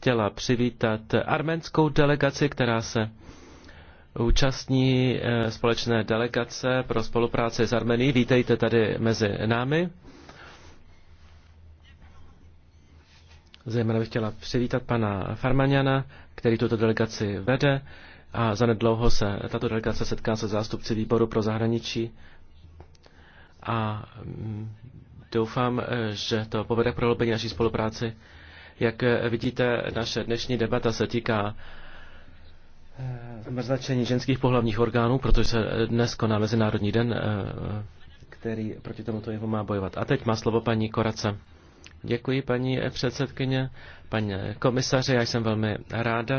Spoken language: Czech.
chtěla přivítat arménskou delegaci, která se účastní eh, společné delegace pro spolupráci s Armenií. Vítejte tady mezi námi. Zejména bych chtěla přivítat pana Farmaniana, který tuto delegaci vede a zanedlouho se tato delegace setká se zástupci výboru pro zahraničí a mm, doufám, eh, že to povede k prohloubení naší spolupráci jak vidíte, naše dnešní debata se týká eh, zmrzačení ženských pohlavních orgánů, protože dnes koná Mezinárodní den, eh, který proti tomuto jeho má bojovat. A teď má slovo paní Korace. Děkuji, paní předsedkyně, paní komisaři, já jsem velmi ráda,